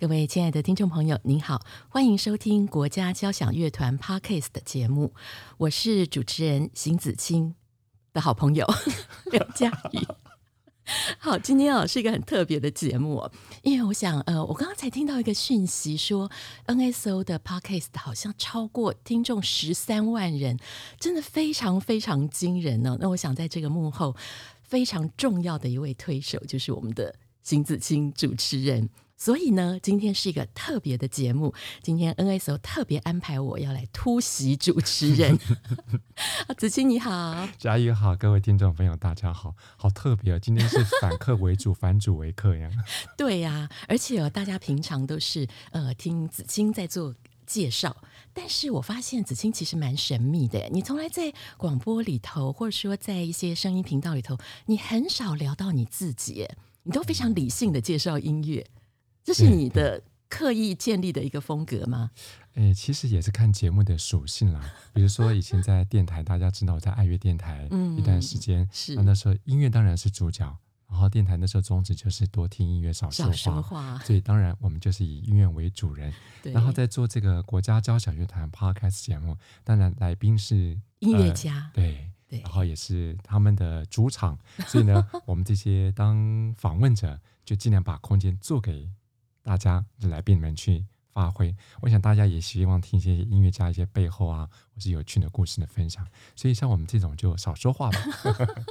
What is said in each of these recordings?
各位親愛的聽眾朋友，您好，歡迎收聽國家交響樂團 Podcast 的節目，我是主持人邢子清的好朋友劉佳怡。 好，今天啊、哦、是一個很特別的節目、哦、因為我想，呃，我剛剛才聽到一個訊息說，說 NSO 的 Podcast 好像超過聽眾十三萬人，真的非常非常驚人呢、哦。那我想，在這個幕後非常重要的一位推手，就是我們的邢子清主持人。所以呢，今天是一個特別的節目。今天 NSO 特別安排我要來突襲主持人。 子青你好，嘉義好，各位聽眾朋友，大家好。好特別啊、哦！今天是反客為主， 反主為客呀。對呀、啊，而且、哦、大家平常都是呃聽子青在做介紹，但是我發現子青其實蠻神秘的。你從來在廣播裡頭，或者說在一些聲音頻道裡頭，你很少聊到你自己，你都非常理性的介紹音樂。 這是你的刻意建立的一個風格嗎？哎、欸，其實也是看節目的屬性啦。比如說以前在電台， 大家知道我在愛樂電台一段時間，嗯、是那時候音樂當然是主角。然後電台那時候宗旨就是多聽音樂少說話，少說話，所以當然我們就是以音樂為主人。對，然後在做這個國家交響樂團 Podcast 節目，當然來賓是音樂家，呃、對對，然後也是他們的主場，所以呢， 我們這些當訪問者就儘量把空間做給。大家就來賓們去發揮，我想大家也希望聽一些音樂家一些背後啊，或是有趣的故事的分享。所以像我們這種就少說話吧。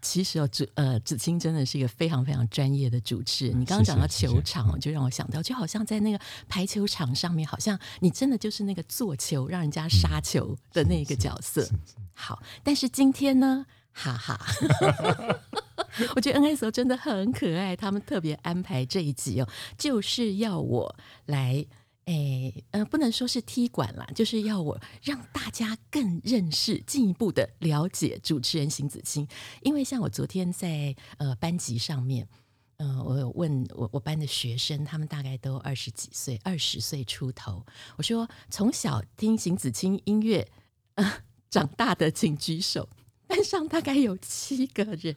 其實哦，子呃子清真的是一個非常非常專業的主持。你剛剛講到球場，謝謝謝謝就讓我想到，嗯，就好像在那個排球場上面，好像你真的就是那個做球讓人家殺球的那一個角色，嗯。好，但是今天呢，哈哈。我覺得 NSO 真的很可愛，他們特別安排這一集哦，就是要我來，誒，呃，不能說是踢館啦，就是要我讓大家更認識、進一步的了解主持人邢子青。因為像我昨天在呃班級上面，嗯、呃，我有問我我班的學生，他們大概都二十幾歲、二十歲出頭，我說從小聽邢子青音樂啊、呃、長大的，請舉手，班上大概有七個人。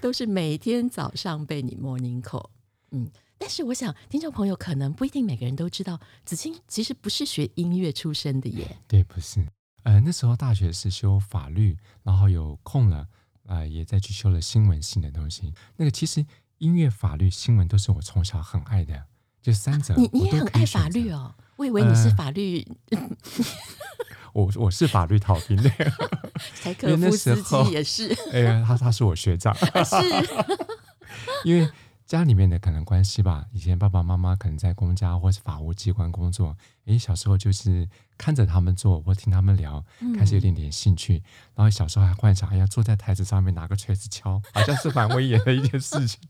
都是每天早上被你 morning call，嗯，但是我想聽眾朋友可能不一定每個人都知道，子清其實不是學音樂出身的耶。對，不是，嗯、呃，那時候大學是修法律，然後有空了啊、呃，也再去修了新聞性的東西。那個其實音樂、法律、新聞都是我從小很愛的，就三者、啊。你你也很愛法律哦？我以為你是法律、呃。 我我是法律逃兵的，柴可夫斯基也是。因為那時候也是。哎呀，他他是我學長。因為家裡面的可能關係吧，以前爸爸媽媽可能在公家或是法務機關工作，哎，小時候就是看着他們做，或聽他們聊，開始有點點興趣。嗯、然後小時候還幻想，哎呀，坐在台子上面拿個錘子敲，好像是蠻威嚴的一件事情。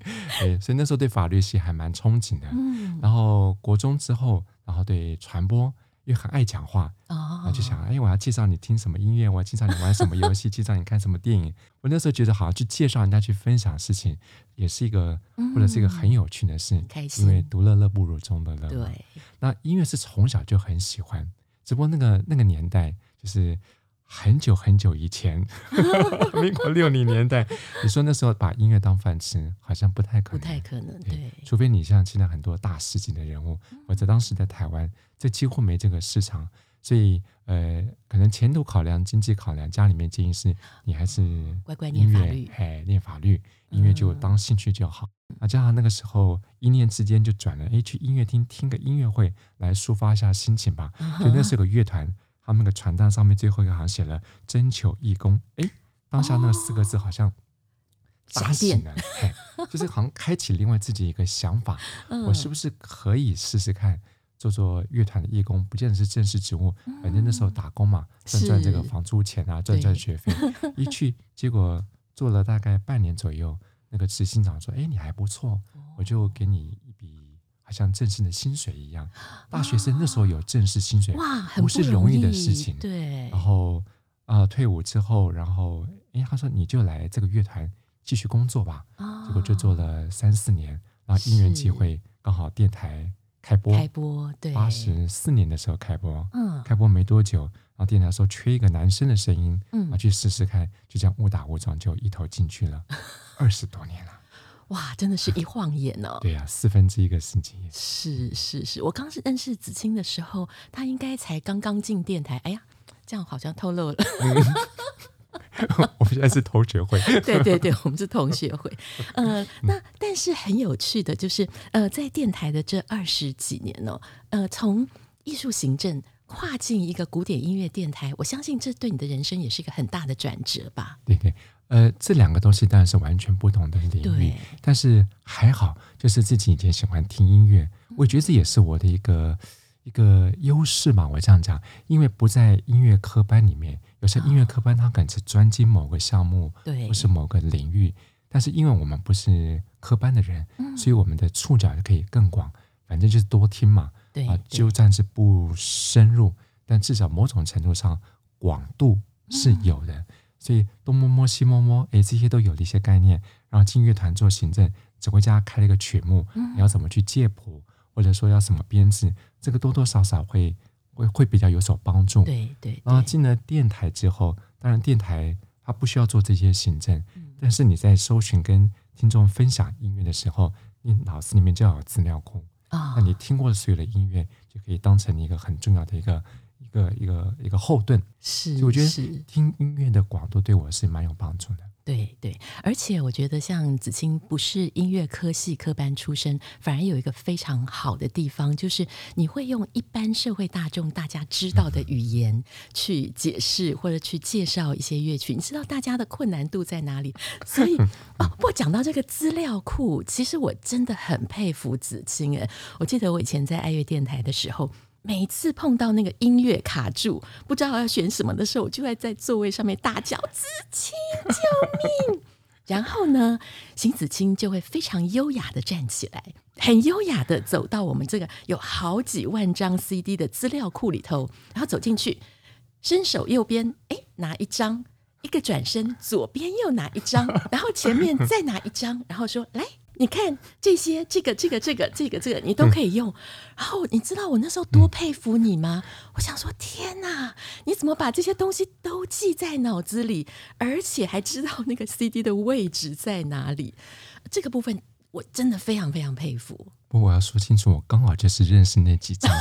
哎，所以那時候對法律系還蠻憧憬的。嗯、然後國中之後，然後對傳播。又很愛講話，我、oh. 就想，哎，我要介紹你聽什麼音樂，我要介紹你玩什麼遊戲， 介紹你看什麼電影。我那時候覺得，好像去介紹人家去分享事情，也是一個、嗯，或者是一個很有趣的事。開心。因為獨樂樂不如眾樂樂。對。那音樂是從小就很喜歡，只不過那個那個年代就是。很久很久以前，民 國六零年代， 你說那時候把音樂當飯吃，好像不太可能，不太可能，對。除非你像現在很多大師級的人物，我、嗯、在當時在台灣，這幾乎沒這個市場，所以呃，可能前途考量、經濟考量、家裡面建議是，你還是音樂乖乖念法律，哎，念法律，音樂就當興趣就好。嗯、那加上那個時候一念之間就轉了，哎，去音樂廳聽個音樂會來抒發一下心情吧，對、嗯，所以那是個樂團。他們的傳單上面最後一行寫了“徵求義工”，哎，當下那四個字好像紮心了，哦哎，就是好像開啟另外自己一個想法，嗯，我是不是可以試試看做做樂團的義工？不見得是正式職務，反正那時候打工嘛，賺、嗯、賺這個房租錢啊，賺賺學費。一去，結果做了大概半年左右，那個執行長說：“哎，你還不錯，我就給你。”好像正式的薪水一樣，大學生那時候有正式薪水。哦、哇，不，不是容易的事情。對，然後啊、呃，退伍之後，然後哎，他說你就來這個樂團繼續工作吧。啊、哦，結果就做了三四年，然後因緣際會，剛好電台開播，開播。對，八十四年的時候開播，嗯，開播沒多久，然後電台說缺一個男生的聲音，嗯，啊，去試試看，就這樣誤打誤撞就一頭進去了，二十多年了。 哇，真的是一晃眼哦！啊、對呀、啊，四分之一個世紀，是是是，是，我剛是認識子青的時候，他應該才剛剛進電台。哎呀，這樣好像透露了。 嗯、我們現在是同學會， 對對對，我們是同學會。嗯、 呃，那但是很有趣的就是，呃，在電台的這二十幾年呢、哦，呃，從藝術行政跨進一個古典音樂電台，我相信這對你的人生也是一個很大的轉折吧。對對。呃，這兩個東西當然是完全不同的領域，但是還好，就是自己以前喜歡聽音樂，我覺得這也是我的一個一個優勢嘛。我這樣講，因為不在音樂科班裡面，有些音樂科班他可能是專精某個項目，哦，對，或是某個領域。但是因為我們不是科班的人，嗯、所以我們的觸角就可以更廣。反正就是多聽嘛，對啊，呃，就算是不深入，但至少某種程度上廣度是有的。嗯所以東摸摸西摸摸，哎、欸，這些都有了一些概念。然後進樂團做行政，指揮家開了一個曲目，你要怎麼去借譜、嗯，或者說要怎麼編制，這個多多少少會會會比較有所幫助。對對，對。然後進了電台之後，當然電台它不需要做這些行政，嗯、但是你在搜尋跟聽眾分享音樂的時候，你腦子裡面就要有資料庫啊。那、哦、你聽過的所有的音樂，就可以當成一個很重要的一個。一個一個一個後盾，是我覺得聽音樂的廣度對我是蠻有幫助的。對對，而且我覺得像子清不是音樂科系科班出身，反而有一個非常好的地方，就是你會用一般社會大眾大家知道的語言去解釋或者去介紹一些樂曲，嗯，你知道大家的困難度在哪裡。所以啊、嗯、哦，不過講到這個資料庫，其實我真的很佩服子清。誒，我記得我以前在愛樂電台的時候。每次碰到那個音樂卡住，不知道要選什麼的時候，我就會在座位上面大叫：“子清，救命！” 然後呢，邢子清就會非常優雅的站起來，很優雅的走到我們這個有好幾萬張 CD 的資料庫裡頭，然後走進去，伸手右邊，哎，拿一張；一個轉身，左邊又拿一張；然後前面再拿一張，然後說：“來。”你看這些，這個、這個、這個、這個、這個，你都可以用。然、嗯、後、哦、你知道我那時候多佩服你嗎、嗯？我想說，天哪，你怎麼把這些東西都記在腦子裡，而且還知道那個 CD 的位置在哪裡？這個部分我真的非常非常佩服。不過我要說清楚，我剛好就是認識那幾張。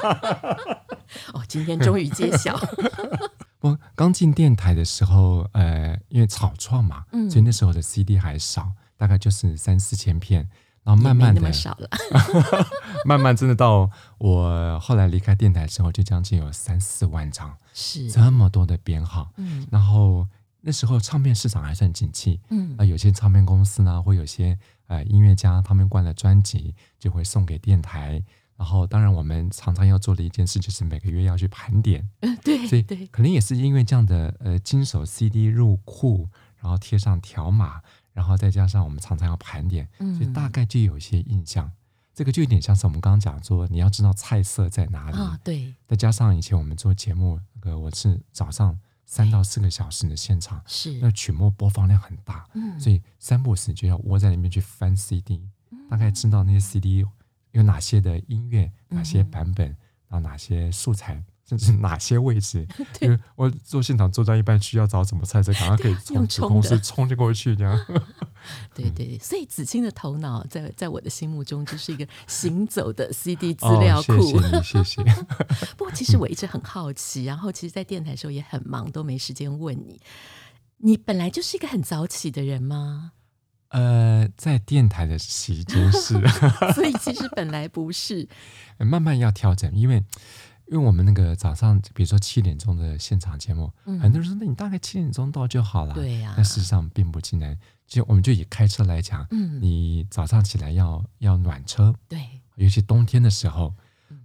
哦，今天終於揭曉。 不，剛進電台的時候，呃，因為草創嘛、嗯，所以那時候的 CD 還少。大概就是三四千片，然後慢慢的，那麼少了， 慢慢真的到我後來離開電台之後，就將近有三四萬張，是這麼多的編號。嗯，然後那時候唱片市場還算景氣，嗯，那、呃、有些唱片公司呢，會有些呃音樂家他們灌了專輯，就會送給電台。然後當然我們常常要做的一件事，就是每個月要去盤點。嗯，對，對，可能也是因為這樣的呃，經手 CD 入庫，然後貼上條碼。然後再加上我們常常要盤點，所以大概就有一些印象、嗯。這個就有點像是我們剛剛講說，你要知道菜色在哪裡。哦、對。再加上以前我們做節目，那、呃、個我是早上三到四個小時的現場，哎、是那曲目播放量很大，嗯，所以三不五時就要窩在裡面去翻 CD，、嗯、大概知道那些 CD 有哪些的音樂，哪些版本，嗯、然後哪些素材。哪些位置？ 因為我做現場做到一半，需要找什麼菜色，馬上可以從子公司衝進過去。這樣，對、啊、 對，對，所以子清的頭腦在在我的心目中就是一個行走的 CD 資料庫。哦、謝謝你，謝謝。 不過，其實我一直很好奇，然後其實，在電台的時候也很忙，都沒時間問你。你本來就是一個很早起的人嗎？呃，在電台的起居是。 所以其實本來不是， 慢慢要調整，因為。因為我們那個早上，比如說七點鐘的現場節目，很多人說：“那你大概七點鐘到就好了。對啊”但呀，那事實上並不盡然。其實我們就以開車來講，嗯，你早上起來要要暖車，對，尤其冬天的時候，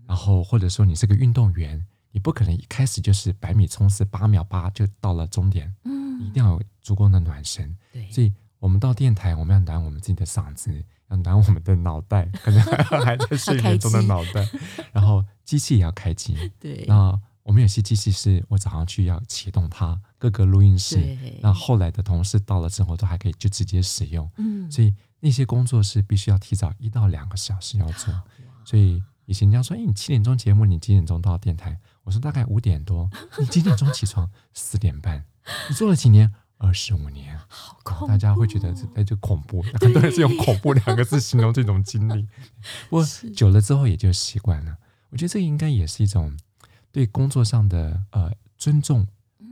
然後或者說你是個運動員，你不可能一開始就是百米衝刺八秒八就到了終點，嗯，一定要有足夠的暖身對。所以我們到電台，我們要暖我們自己的嗓子。要拿我們的腦袋，可能還還在睡眠中的腦袋， 然後機器也要開機。對，那我們有些機器是我早上去要啟動它，各個錄音室對。那後來的同事到了之後都還可以就直接使用。嗯，所以那些工作是必須要提早一到兩個小時要做。所以以前人家說，哎、欸，你七點鐘節目，你幾點鐘到電台？我說大概五點多。你幾點鐘起床？四 點半。你做了幾年？二十五年，好恐怖，大家會覺得哎，就恐怖。很多人是用“恐怖”兩個字形容這種經歷。 不過久了之後也就習慣了。我覺得這應該也是一種對工作上的呃尊重，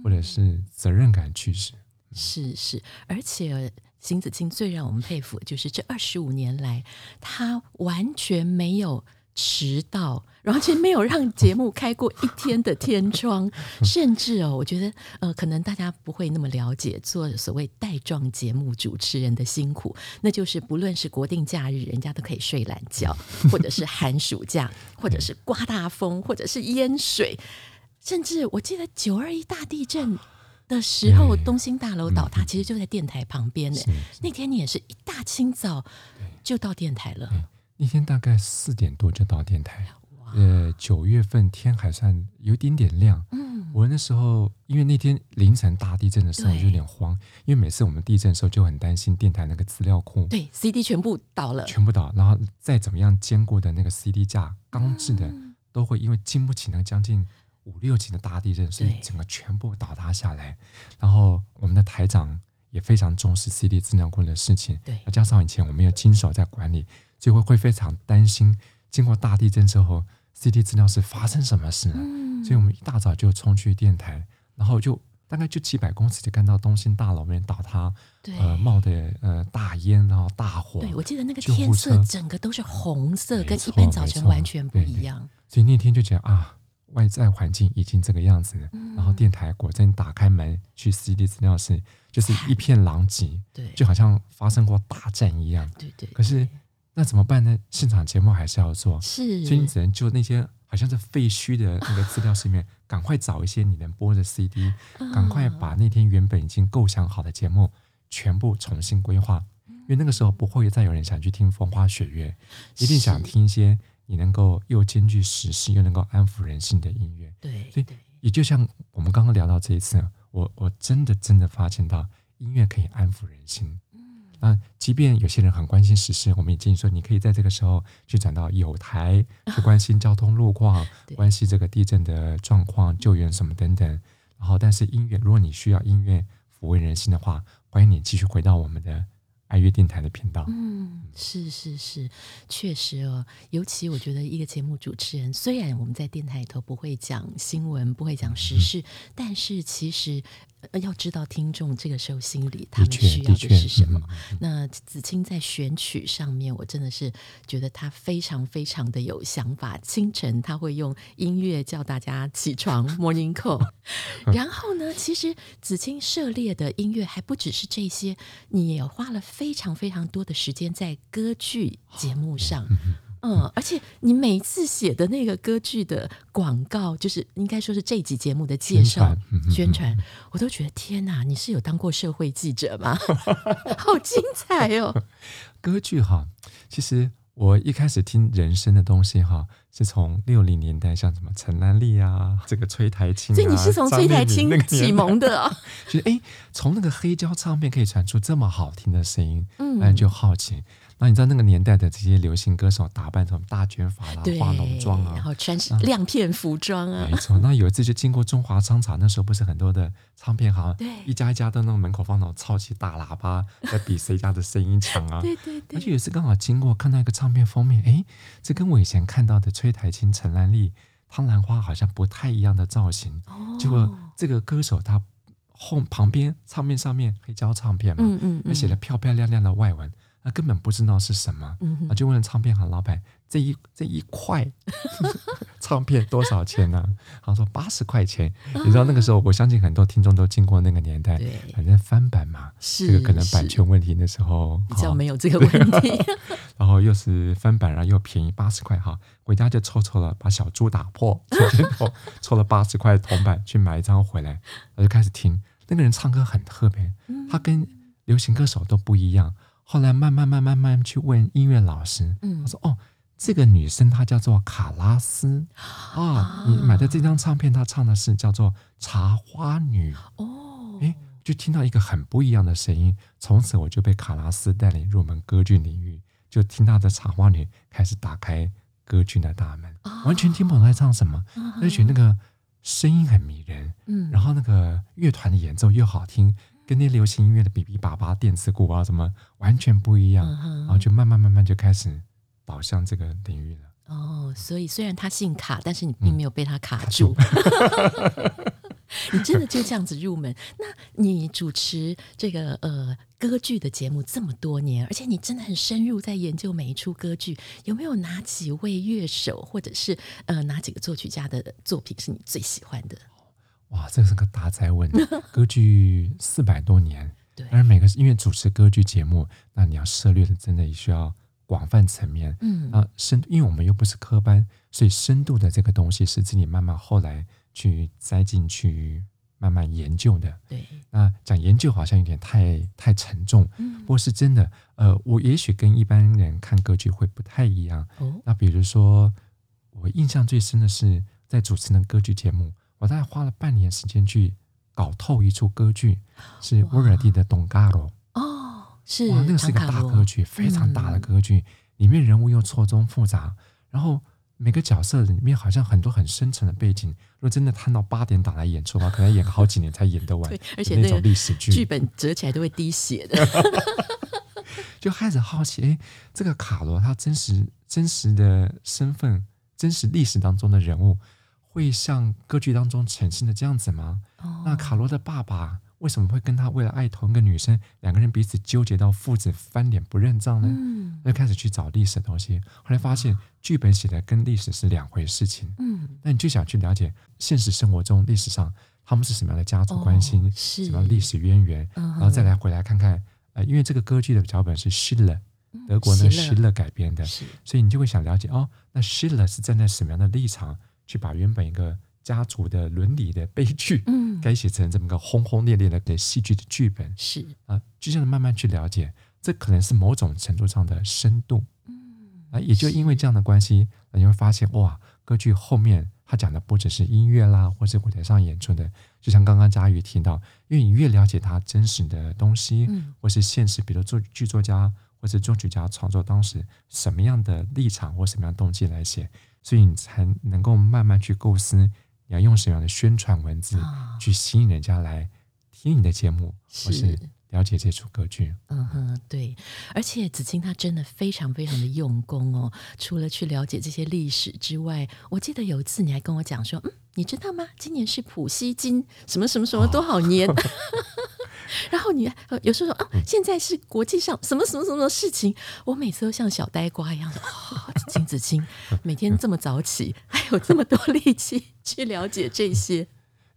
或者是責任感去、嗯、是是，而且邢子青最讓我們佩服，就是這二十五年來，他完全沒有，遲到，然後其實沒有讓節目開過一天的天窗， 甚至哦，我覺得呃，可能大家不會那麼了解做所謂帶狀節目主持人的辛苦，那就是不論是國定假日，人家都可以睡懶覺，或者是寒暑假，或者是颳大風， 或者是淹水，甚至我記得九二一大地震的時候， 東星大樓倒塌，其實就在電台旁邊呢。那天你也是一大清早就到電台了。那天大概四點多就到電台，呃，九月份天還算有一點點亮。嗯，我那時候因為那天凌晨大地震的時候就有點慌，因為每次我們地震的時候就很擔心電台那個資料庫，對，C D 全部倒了，全部倒，然後再怎麼樣堅固的那個 C D 架鋼製的、嗯、都會因為經不起那將近五六級的大地震，所以整個全部倒塌下來。然後我們的台長也非常重視 C D 資料庫的事情，對，加上以前我沒有經手在管理。就會會非常擔心，經過大地震之後 CD 資料室發生什麼事呢？嗯？所以我們一大早就衝去電台，然後就大概就幾百公尺就看到東星大樓面倒塌，對，呃、冒的呃大煙，然後大火。對，我記得那個天色整個都是紅色，跟一般早晨完全不一樣。對對，所以那天就覺得啊，外在環境已經這個樣子了。嗯、然後電台果真打開門去 CD 資料室，就是一片狼藉，對，就好像發生過大戰一樣。嗯、對對，對，可是。那怎麼辦呢？現場節目還是要做是，所以你只能就那些好像是廢墟的那個資料室裡面，啊，趕快找一些你能播的 CD，啊、趕快把那天原本已經構想好的節目全部重新規劃，嗯、因為那個時候不會再有人想去聽風花雪月，嗯、一定想聽一些你能夠又兼具時事又能夠安撫人心的音樂。對，所以也就像我們剛剛聊到這一次，我我真的真的發現到音樂可以安撫人心。嗯那即便有些人很關心時事，我們也建議說，你可以在這個時候去轉到友台、哦、去關心交通路況，對，關心這個地震的狀況、救援什麼等等。然後，但是音樂，如果你需要音樂撫慰人心的話，歡迎你繼續回到我們的愛樂電台的頻道。嗯，是是是，確實哦。尤其我覺得一個節目主持人，雖然我們在電台裡頭不會講新聞、不會講時事，嗯、但是其實。要知道聽眾這個時候心裡他們需要的是什麼。嗯、那子清在選曲上面，我真的是覺得他非常非常的有想法。清晨他會用音樂叫大家起床 ，Morning Call。然後呢，其實子清涉獵的音樂還不只是這些，你也花了非常非常多的時間在歌劇節目上。哦嗯嗯嗯，而且你每一次寫的那個歌劇的廣告，就是應該說是這一集節目的介紹宣傳，宣傳、嗯嗯，我都覺得天哪，你是有當過社會記者嗎？ 好精彩哦！歌劇哈，其實我一開始聽人聲的東西哈，是從六零年代，像什麼陳蘭麗啊，這個崔苔菁、啊，所以你是從崔苔菁啟 蒙的，就是哎，從那個黑膠唱片可以傳出這麼好聽的聲音，嗯，就好奇。那、啊、你知道那個年代的這些流行歌手打扮成大卷髮啦，化濃妝啊，然後全是亮片服裝啊。啊沒錯、啊。那有一次就經過中華商場， 那時候不是很多的唱片行，對，一家一家的那種門口放到那種超級大喇叭，在比誰家的聲音強啊。 對對，對，對而且有一次剛好經過，看到那個唱片封面，哎，這跟我以前看到的崔苔菁、陳蘭麗、湯蘭花好像不太一樣的造型。哦。結果這個歌手他後旁邊唱片上面黑膠唱片嘛，嗯嗯，嗯，他寫的漂漂亮亮的外文。他根本不知道是什麼，我、嗯、就問唱片行老板：“這一這一塊唱片多少錢呢、啊？” 他說：“八十塊錢。”你知道那個時候，我相信很多聽眾都經過那個年代。啊、反正翻版嘛，這個可能版權問題那時候比較沒有這個問題。然後又是翻版，然後又便宜八十塊哈。回家就湊湊了，把小豬打破，湊了八十塊的銅板去買一張回來，我就開始聽。那個人唱歌很特別，他跟流行歌手都不一樣。嗯後來慢慢、慢、慢慢去問音樂老師，他說：“哦，這個女生她叫做卡拉斯啊、哦，你買的這張唱片她唱的是叫做《茶花女》哦，誒，就聽到一個很不一樣的聲音。從此我就被卡拉斯帶領入門歌劇領域，就聽他的《茶花女》，開始打開歌劇的大門，完全聽不懂他在唱什麼，而且那個聲音很迷人，嗯，然後那個樂團的演奏又好聽。”跟那流行音樂的比比八八電子鼓啊什麼完全不一樣，嗯，然後就慢慢慢慢就開始走向這個領域了。哦，所以雖然他姓卡，但是你並沒有被他卡住，嗯、卡住 你真的就這樣子入門？那你主持這個呃歌劇的節目這麼多年，而且你真的很深入在研究每一出歌劇，有沒有哪幾位樂手或者是呃哪幾個作曲家的作品是你最喜歡的？哇，這是個大哉問！歌劇四百多年， 而每個因為主持歌劇節目，那你要涉獵的真的也需要廣泛層面，嗯，那深，因為我們又不是科班，所以深度的這個東西是自己慢慢後來去栽進去、慢慢研究的。對，那講研究好像有點太太沉重，嗯，不過是真的。呃，我也許跟一般人看歌劇會不太一樣。哦，那比如說，我印象最深的是在主持的歌劇節目。我大概花了半年時間去搞透一出歌劇，是威爾第的、Don Carlo《唐卡洛》。哦，是哇，那是一個大歌劇，非常大的歌劇，嗯，裡面人物又錯綜複雜，然後每個角色裡面好像很多很深沉的背景。如果真的看到八點檔來演出的話，可能演好幾年才演得完。 對，而且那種歷史劇，那個、劇本折起來都會滴血的。 就開始好奇，哎，這個卡羅他真實真實的身份，真實歷史當中的人物。會像歌劇當中呈現的這樣子嗎？哦？那卡羅的爸爸為什麼會跟他為了愛同一個女生，兩個人彼此糾結到父子翻臉不認賬呢？嗯，那開始去找歷史的東西，後來發現劇本寫的跟歷史是兩回事情。嗯，那你就想去了解現實生活中歷史上他們是什麼樣的家族關係，是，哦，什麼樣歷史淵源、哦，然後再來回來看看。呃，因為這個歌劇的腳本是 Schiller、嗯、德國的 Schiller, Schiller 改編的，所以你就會想了解哦，那 Schiller 是站在什麼樣的立場？去把原本一個家族的倫理的悲劇，嗯，改寫成這麼個轟轟烈烈的戲劇的劇本，是啊、呃，就像慢慢去了解，這可能是某種程度上的深度，嗯啊，也就因為這樣的關係，你會發現哇，歌劇後面他講的不只是音樂啦，或者舞台上演出的，就像剛剛佳瑜聽到，因為你越了解他真實的東西，嗯，或是現實，比如作劇作家或是作曲家創作當時什麼樣的立場或什麼樣的動機來寫。所以你才能夠慢慢去構思，你要用什麼樣的宣傳文字、哦、去吸引人家來聽你的節目，是或是了解這出歌劇。嗯哼，對。而且子清他真的非常非常的用功哦，除了去了解這些歷史之外，我記得有一次你還跟我講說，嗯，你知道嗎？今年是普希金什麼什麼什麼多少年？哦 然後你呃有時候說啊，現在是國際上什麼什麼什麼的事情，我每次都像小呆瓜一樣的。金、哦、子清，子清每天這麼早起，嗯，還有這麼多力氣去了解這些，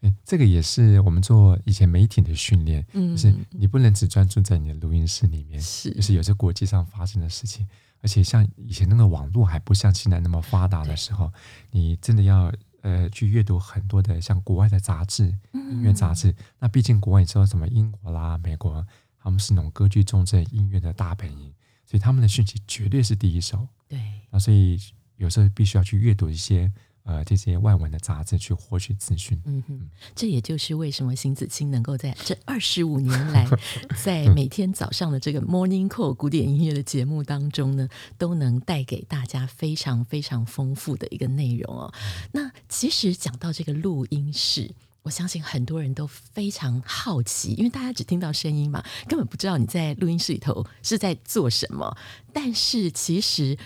哎、嗯，這個也是我們做以前媒體的訓練，就是你不能只專注在你的錄音室裡面，是就是有些國際上發生的事情，而且像以前那個網絡還不像現在那麼發達的時候，你真的要。呃，去閱讀很多的像國外的雜誌、音樂雜誌。嗯嗯，那畢竟國外，你知道什麼？英國啦、美國，他們是那種歌劇重鎮、音樂的大本營，所以他們的訊息絕對是第一手。對，那、啊、所以有時候必須要去閱讀一些。呃，這些外文的雜誌，去獲取資訊。嗯哼，這也就是為什麼邢子清能夠在這二十五年來， 在每天早上的這個 Morning Call 古典音樂的節目當中呢，都能帶給大家非常非常豐富的一個內容哦。那其實講到這個錄音室，我相信很多人都非常好奇，因為大家只聽到聲音嘛，根本不知道你在錄音室裡頭是在做什麼。但是其實。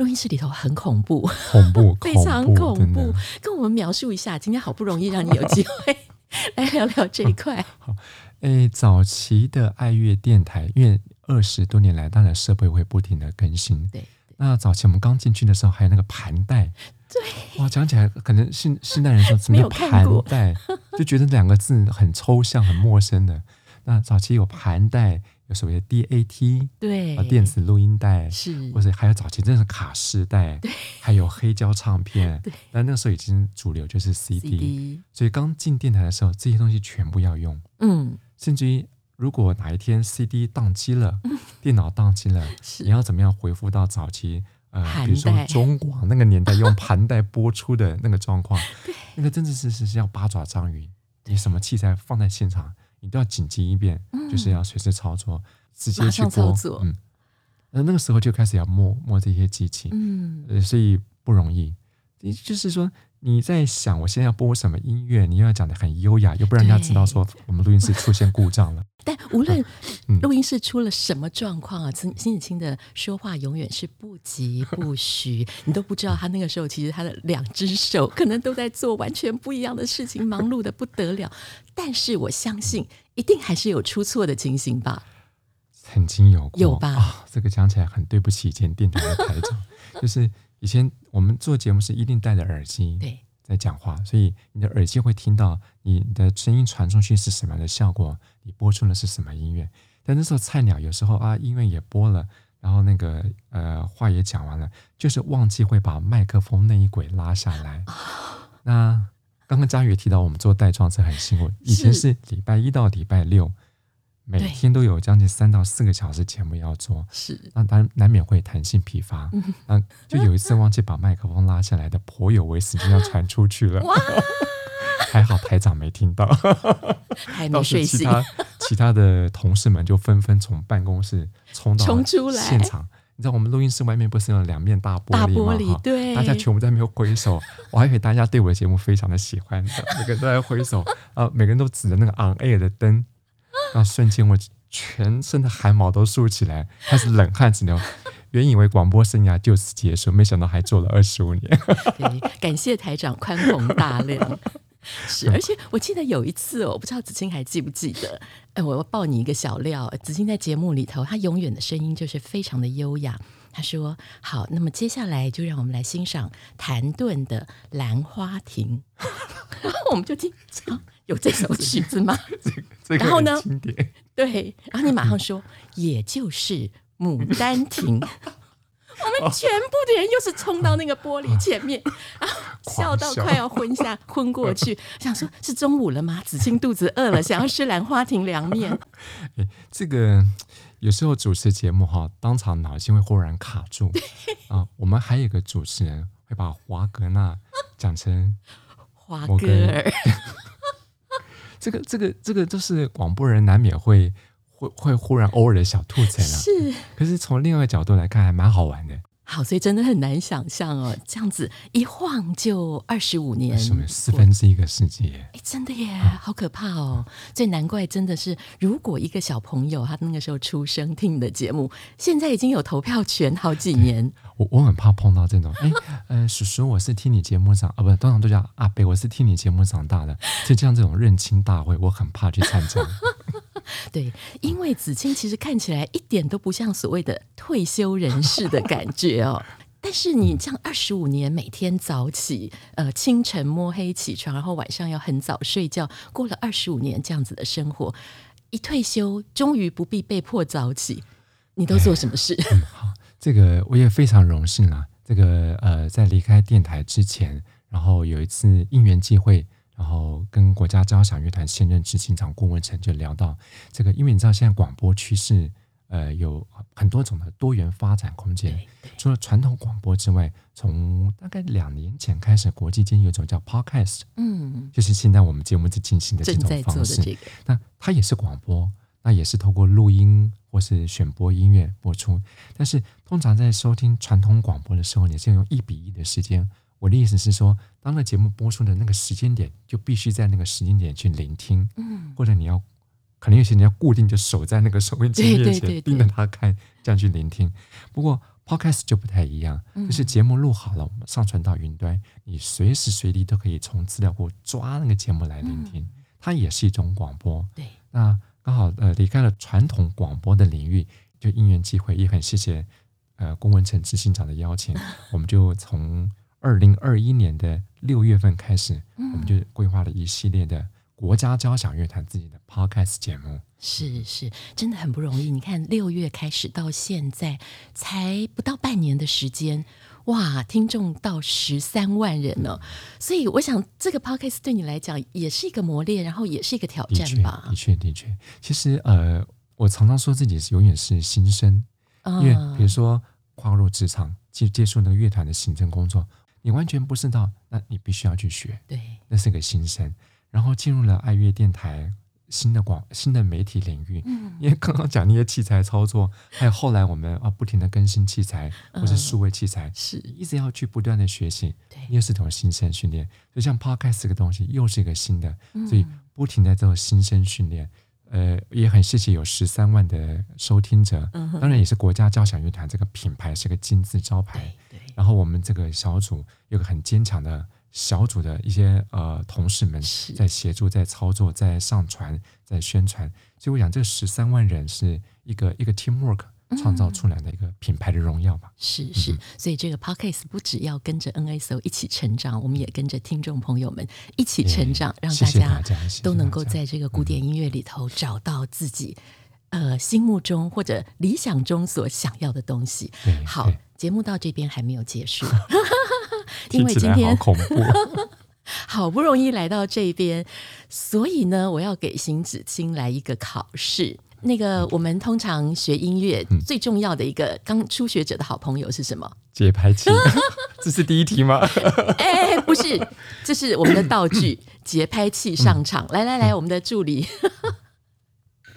錄音室裡頭很恐怖，恐怖，恐怖，非常恐怖。跟我們描述一下，今天好不容易讓你有機會 來聊聊這一塊。嗯。好，欸，早期的愛樂電台，因為二十多年來，當然設備會不停的更新。對，那早期我們剛進去的時候，還有那個盤帶。對。哇，講起來，可能新現代人說盤帶沒有盤帶， 就覺得兩個字很抽象、很陌生的。那早期有盤帶。所謂的 DAT，對，電子錄音帶是，或者還有早期真的是卡式帶，對，還有黑膠唱片，對。但那時候已經主流就是 CD，, CD 所以剛進電台的時候，這些東西全部要用，嗯。甚至於如果哪一天 CD 當機了，嗯、電腦當機了是，你要怎麼樣回復到早期呃，比如說中廣那個年代用盤帶播出的那個狀況？ 對，那個真的是是是要八爪章魚，你什麼器材放在現場？你都要緊急一遍，嗯，就是要隨時操作，直接去做。嗯，那個時候就開始要摸摸這些機器，嗯，所以不容易，也就是說。你在想，我現在要播什麼音樂？你又要講的很優雅，又不讓他知道說我們錄音室出現故障了。 但無論錄音室出了什麼狀況啊，邢子青的說話永遠是不疾不徐。 你都不知道他那個時候其實他的兩隻手可能都在做完全不一樣的事情， 忙碌的不得了。但是我相信，一定還是有出錯的情形吧？曾經有過，有吧？哦、這個講起來很對不起以前電台的台長， 就是。以前我們做節目是一定戴着耳機在講話對，所以你的耳機會聽到你的聲音傳出去是什麼樣的效果，你播出的是什麼音樂。但那時候菜鳥有時候啊，音樂也播了，然後那個呃話也講完了，就是忘記會把麥克風那一軌拉下來。哦、那剛剛佳宇也提到我們做帶狀是很辛苦，以前是禮拜一到禮拜六。每天都有將近三到四個小時節目要做，是，那當然難免會彈性疲乏。嗯，就有一次忘記把麥克風拉下來的頗有微詞，就要傳出去了。哇！還好台長沒聽到，還沒睡醒。 其他其他的同事們就紛紛從辦公室衝到現場。你知道我們錄音室外面不是有兩面大玻璃嗎？玻璃？對，大家全部在那邊揮手。 我還以為大家對我的節目非常的喜歡的，每個人都在揮手 啊，每個人都指着那個 on air 的燈。 那瞬間，我全身的汗毛都豎起來，開始冷汗直流。原以為廣播生涯就此結束，沒想到還做了二十五年 感謝台長寬宏大量。是，而且我記得有一次哦，嗯、我不知道子清還記不記得？哎、呃，我要爆你一個小料。子清在節目裡頭，他永遠的聲音就是非常的優雅。他說：“好，那麼接下來就讓我們來欣賞譚盾的《蘭花亭，》 然後我們就聽、啊，有這首曲子嗎？這個這個這個……然後呢？對，然後你馬上說， 也就是《牡丹亭》 我們全部的人又是衝到那個玻璃前面。 ”笑，笑到快要昏下昏過去， 想說是中午了嗎？子清肚子餓了，想要吃蘭花亭涼麵，欸。這個有時候主持節目哈，當場腦筋會忽然卡住啊，呃。我們還有一個主持人會把華格納講成華格爾。這個這個這個都是廣播人難免會會會忽然偶爾的小吐槽，啊。是，嗯，可是從另外一個角度來看，還蠻好玩的。好，所以真的很難想象哦，這樣子一晃就二十五年，什麼四分之一個世紀，哎、欸，真的耶、啊，好可怕哦！最、啊、難怪真的是，如果一個小朋友他那個時候出生聽你的節目，現在已經有投票權好幾年，我我很怕碰到這種，哎、 欸，呃，叔叔，我是聽你節目長，啊，不是，通常都叫阿伯，我是聽你節目長大的，就就像這種認親大會，我很怕去參加。 對，因為子清其實看起來一點都不像所謂的退休人士的感覺哦。 但是你這樣二十五年每天早起，呃，清晨摸黑起床，然後晚上要很早睡覺，過了二十五年這樣子的生活，一退休終於不必被迫早起，你都做什麼事？嗯、好，這個我也非常榮幸啦、啊。這個呃，在離開電台之前，然後有一次應援聚會。然後跟國家交響樂團現任執行長顧文成就聊到這個，因為你知道現在廣播趨勢，呃，有很多種的多元發展空間。除了傳統廣播之外，從大概兩年前開始，國際間有一種叫 Podcast，嗯，就是現在我們節目在進行的這種方式，這個。那它也是廣播，那也是透過錄音或是選播音樂播出，但是通常在收聽傳統廣播的時候，你是用一比一的時間。我的意思是說，當那節目播出的那個時間點，就必須在那個時間點去聆聽，嗯，或者你要可能有些人要固定就守在那個收音機面前對對對對對盯着他看，這樣去聆聽。不過 Podcast 就不太一樣，就是節目錄好了，我、嗯、們上傳到雲端，你隨時隨地都可以從資料庫抓那個節目來聆聽。嗯、它也是一種廣播，對。那剛好呃離開了傳統廣播的領域，就因緣際會，也很謝謝呃公文成執行長的邀請，我們就從。 二零二一年的六月份開始、嗯，我們就規劃了一系列的國家交響樂團自己的 podcast 節目。是是，真的很不容易。你看，六月開始到現在才不到半年的時間，哇，聽眾到十三萬人了。嗯、所以，我想這個 podcast 對你來講也是一個磨練，然後也是一個挑戰吧。的確，的確。其實，呃，我常常說自己是永遠是新生，嗯、因為比如說跨入職場，接接觸那個樂團的行政工作。你完全不知道，那你必須要去學。對，那是個新生，然後進入了愛樂電台新的廣新的媒體領域。嗯，因為剛剛講那些器材操作，還有後來我們啊不停的更新器材， 或是數位器材，嗯、是一直要去不斷的學習。對，又是這種新生訓練，就像 Podcast 這個東西又是一個新的，所以不停的做新生訓練、嗯。呃，也很謝謝有十三萬的收聽者、嗯，當然也是國家交響樂團這個品牌是個金字招牌。對。對然後我們這個小組有個很堅強的小組的一些呃同事們在協助，在操作，在上傳，在宣傳。所以我想，這十三萬人是一個一個 teamwork 創造出來的一個品牌的榮耀吧。嗯、是是，所以這個 Podcast 不只要跟着 NSO 一起成長、嗯，我們也跟着聽眾朋友們一起成長，嗯、成長讓大家，謝謝大家，謝謝大家都能夠在這個古典音樂裡頭找到自己、嗯、呃心目中或者理想中所想要的東西。對，好。哎節目到這邊還沒有結束， 因為今天好恐怖， 好不容易來到這邊， 所以呢，我要給邢子青來一個考試，嗯。那個我們通常學音樂最重要的一個剛初學者的好朋友是什麼？節拍器， 這是第一題嗎？哎、 欸，不是，這是我們的道具 節拍器上場，嗯，來來來，我們的助理，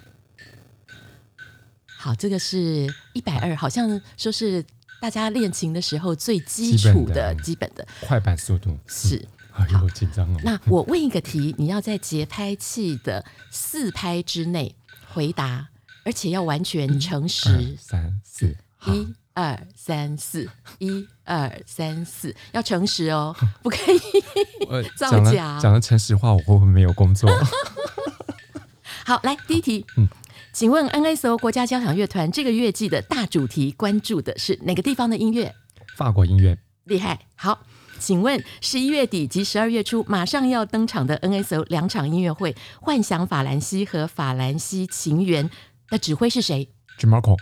好，這個是一百二，好像說是。大家練琴的時候，最基礎的、基本的，基本的、嗯、基本的快板速度是。嗯、好緊張哦！那我問一個題，你要在節拍器的四拍之內回答，而且要完全誠實。三四一二三四一二三四，要誠實哦， 不可以造假、 呃。講的誠實話，我會不會沒有工作？ 好，來第一題。請問 NSO 國家交響樂團這個樂季的大主題關注的是哪個地方的音樂？法國音樂，厲害。好，請問十一月底及十二月初馬上要登場的 NSO 兩場音樂會《幻想法蘭西》和《法蘭西情緣》，那指揮是誰？Jun Märkl。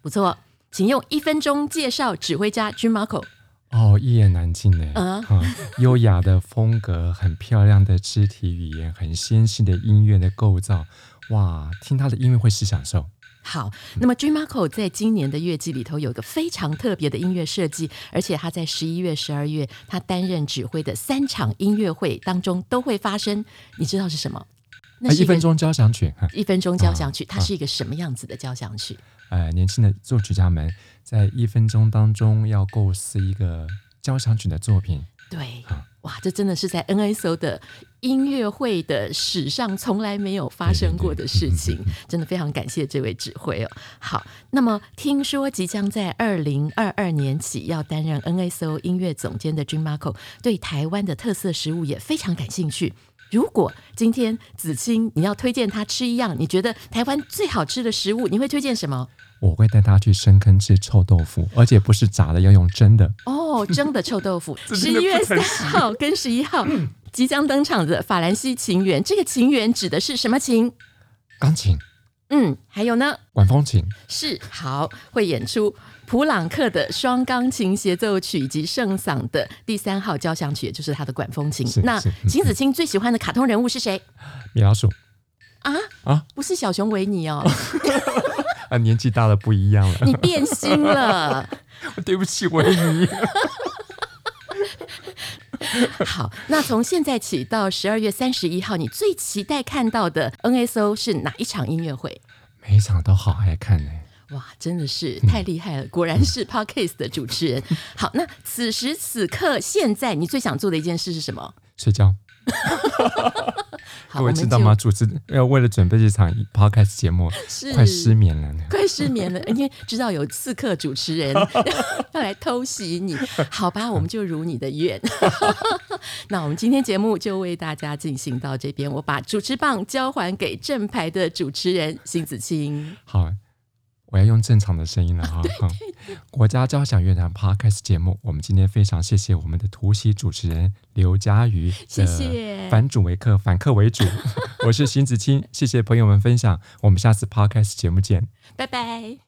不錯，請用一分鐘介紹指揮家 Jun Märkl。哦，一言難盡呢。嗯、uh -huh. 啊，優雅的風格， 很漂亮的肢體語言，很纖細的音樂的構造。哇，聽他的音樂會是享受。好，那麼準·馬寇在今年的樂季裡頭有一個非常特別的音樂設計，而且他在十一月、十二月他擔任指揮的三場音樂會當中都會發生。你知道是什麼？那一、哎、一分鐘交響曲、嗯。一分鐘交響曲，它是一個什麼樣子的交響曲？啊啊啊、呃，年輕的作曲家們在一分鐘當中要構思一個交響曲的作品。對，啊、哇，這真的是在 NSO 的。音樂會的史上從來沒有發生過的事情，真的非常感謝這位指揮哦。好，那麼聽說即將在二零二二年起要擔任 NSO 音樂總監的 Jim a r c o 對台灣的特色食物也非常感興趣。如果今天子清你要推薦他吃一樣，你覺得台灣最好吃的食物，你會推薦什麼？我會帶他去深坑吃臭豆腐，而且不是炸的，要用蒸的。哦，蒸的臭豆腐，十一月三號跟十一號。 即將登場的《法蘭西情緣》，這個“情緣”指的是什麼情？鋼琴。嗯，還有呢？管風琴。是，好，會演出普朗克的雙鋼琴協奏曲以及聖桑的第三號交響曲，也就是他的管風琴。那、嗯、秦子清最喜歡的卡通人物是誰？米老鼠。啊啊，不是小熊維尼哦。 啊，年紀大了不一樣了。你變心了。 對不起，維尼。 好，那從現在起到十二月三十一號，你最期待看到的 NSO 是哪一場音樂會？每一場都好愛看呢、欸。哇，真的是 太厲害了，果然是 Podcast 的主持人。好，那此時此刻，現在你最想做的一件事是什麼？睡覺。 各位知道嗎？我主持要為了準備這場 podcast 節目，快失眠了呢，快失眠了！因為知道有刺客主持人 要來偷襲你，好吧？我們就如你的願。 那我們今天節目就為大家進行到這邊，我把主持棒交還給正牌的主持人邢子青。好。我要用正常的聲音了哈，哦啊。對，對，對，嗯，國家交響樂團 Podcast 節目，我們今天非常謝謝我們的圖席主持人劉佳瑜，謝謝反主為客，反客為主。 我是邢子青， 謝謝朋友們分享，我們下次 Podcast 節目見，拜拜。